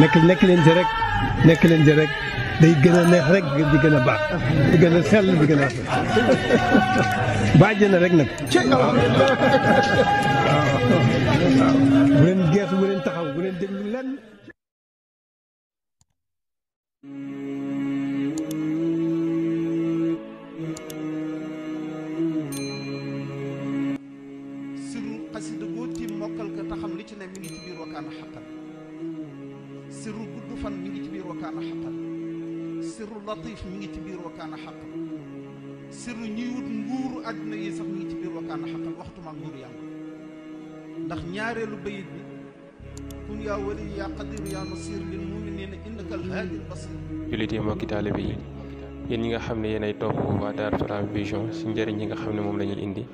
nekk nekk leen ci rek nekk leen ci rek day gën a neex rek di gën a baax di gën a sell di gën a bàjjana rek nag waaw bu leen geesu bu leen taxaw bu leen déglu lenn sirru guddu fan mi ngi ci biir wa kaana sirru latif mi ngi ci biir wa kaana sirru ñuy wut nguuru àdduna yi sax mi ngi ci biir wa kaana waxtu ma nguuru yàlla ndax ñaareelu bayit bi kun yaa wali yaa qadir yaa nasir lil muminina innaka al hadi al basir julit yi mbokki taalibe yi yéen ñi nga xam ne yéen ay topp wa Darou Salam Vision si njëriñ yi nga xam ne moom la ñuy indi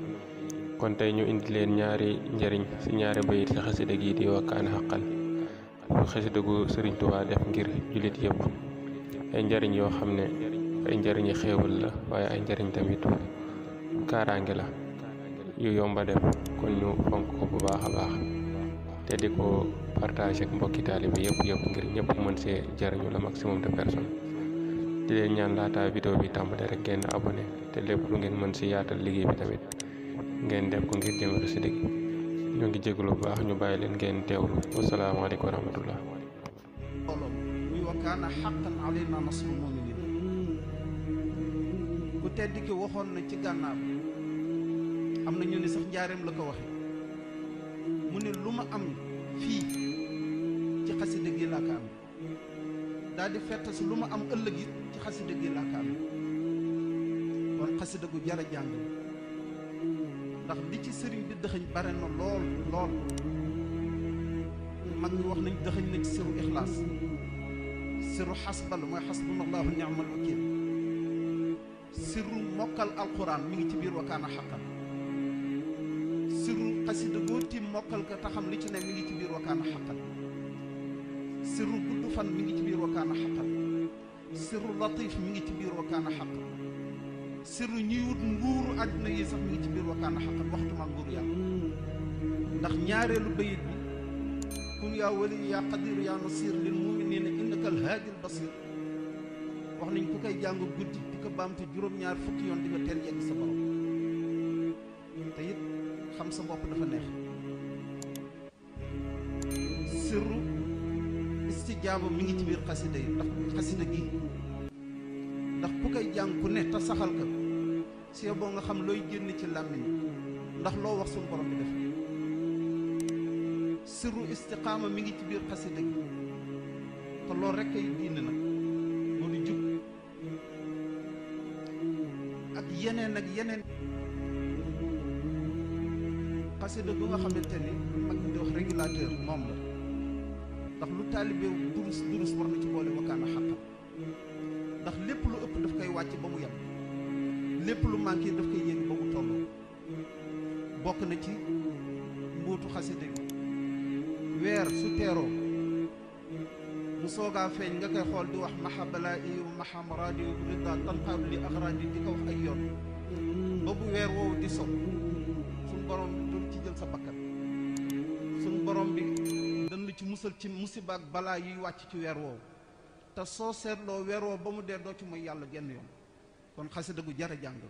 kon tey ñu indi leen ñaari njëriñ si ñaari bayit si xasida gi di wakkaan xaqal xasida dugu sëriñ Tuubaa def ngir jullit yëpp ay njariñ yoo xamne ay njariñ xewul la waaye ay njariñ tamit karange la yu yomba def kon ñu fonk ko bu baaxa baax te diko ko partage ak mbokki talib yëpp yëpp ngir ñëpp mën ci jarñu la maximum de personnes di leen ñaan laata vidéo bi tàmbale rek ngeen abonné te lepp lu ngeen mën ci yaatal liggéey bi tamit ngeen def ko ngir jëmale ci dëgg ñoo ngi jégalu bu baax ñu bàyyi leen ngeen teewlu wasalaamaaleykum wa rahmatullah muy wa kaana xaqan alaynaa nasru muminin ku tedd ki waxoon na ci gànnaar am na ñu ne sax njaareem la ko waxe mu ne lu ma am fii ci xasida gi laa ko lu ma am ëllëg it ci xasida gi kon xasida gu jar a jàng ndax li ci sëriñ bi dëxëñ bare na lool lool mag ñi wax nañ dëxëñ na ci siru ixlaas siru xasbal mooy xasbunallahu ni'mal wakil siru mokkal alquran mi ngi ci biir wakaana xaqan siru xasida goo tiim mokkal ko taxam li ci ne mi ngi ci biir wakaana xaqan siru gudd fan mi ngi ci biir wakaana xaqan siru latif mi ngi ci biir wakaana xaqan sirru ñuy wut nguuru àdduna yi sax mi ngi ci biir wakkaana xaqan waxtuma nguuru yàlla ndax ñaareelu bayit bi kun yaa wali yaa qadiru yaa nasir lil muminina innaka alhaadi albasir wax nañ ku koy jàng guddi di ko baamte juróom-ñaar fukki yoon di teel yegg sa borom te it xam sa bopp dafa neex sirru istijaaba mi ngi ci biir xasida yi ndax xasida gi kanam ku ne te saxal ko si boo nga xam looy génn ci làmmiñ ndax loo wax suñu borom sirru istiqaama mi ngi ci biir xasida gi te loolu rek ay diine nag moo di jub ak yeneen ak yeneen xasida bu nga xamante ni mag ñi di wax régulateur moom la ndax lu taalibe durus durus war na ci boole ba a xàqam wàcc ba mu lépp lu manqué daf koy yéeg ba mu toll bokk na ci mbuutu xasida gi weer su teeroo mu soogaa feeñ nga koy xool di wax mahabala iyu maham radio rida tanqaru li axraji di ko wax ay yoon ba bu weer woowu di so suñ borom bi ci jël sa bakkan suñ borom bi dan ci musal ci musiba balaa yuy wàcc ci weer woowu te soo seetloo weer ba mu dee doo ci mooy yàlla genn yoon kon xasida gu jar a jàng la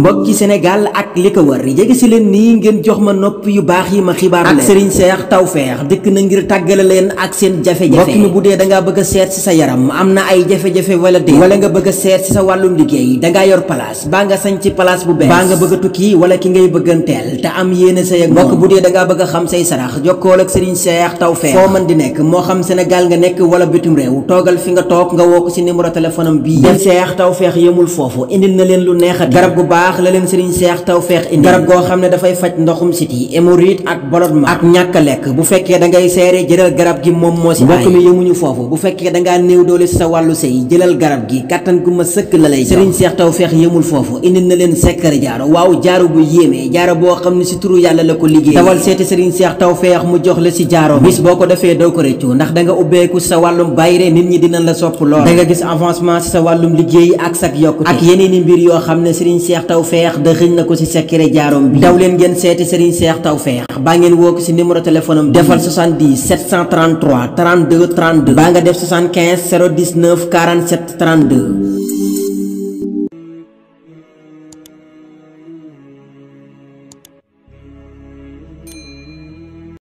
mbokki Sénégal ak li ko wër jege si leen nii ngeen jox ma nopp yu baax yi ma xibaar leen ak Serigne Cheikh Tawfekh dikk na ngir tàggale leen ak seen jafe-jafe mbokk mi bu dee dangaa bëgg seet si am na ay jafe wala dee wala nga bëgg a seet sa wàllum liggéey dangaa yor place baa nga sañ ci place bu bees baa nga bëgg tukki wala ki ngay bëgganteel te am yéene sa yëg mbokk bu dee dangaa bëgg a xam say sarax jokkool ak Serigne Cheikh Tawfekh foo mën di nekk moo xam Sénégal nga nekk wala bitum réew toogal fi nga toog nga woo ko si numéro téléphone am bii Serigne yëmul foofu indil na leen lu neex garab gu baax baax la leen serigne cheikh tawfiq indi garab go xamne da fay fajj ndoxum siti hémorroïde ak ballonnement ak ñak lek bu fekke da ngay séré jëlal garab gi mom mo ci mbokk mi yemuñu fofu bu fekke da nga néew doole si sa walu sëy jëlal garab gi katan gu ma sëkk la lay serigne cheikh tawfiq yemul fofu indi na leen sekkar jaaro waaw jaaro bu yéme jaaro bo xamne ci turu yàlla la ko liggéey dawal sété serigne cheikh tawfiq mu jox la ci jaaro bis boko defé do ko rëccu ndax da nga ubbe ku sa walu bayre nit ñi dinañ la sopp lool da nga gis avancement ci sa walu liggéey ak sak yokku ak yeneeni mbir yo xamne serigne cheikh tawfeex na ko ci sekkire jaarom bi daw leen ngeen seeti Serigne Cheikh tawfeex baa ngeen woo ko ci numéro téléphone am defal 70 733 32 32 baa nga def 75 019 47 32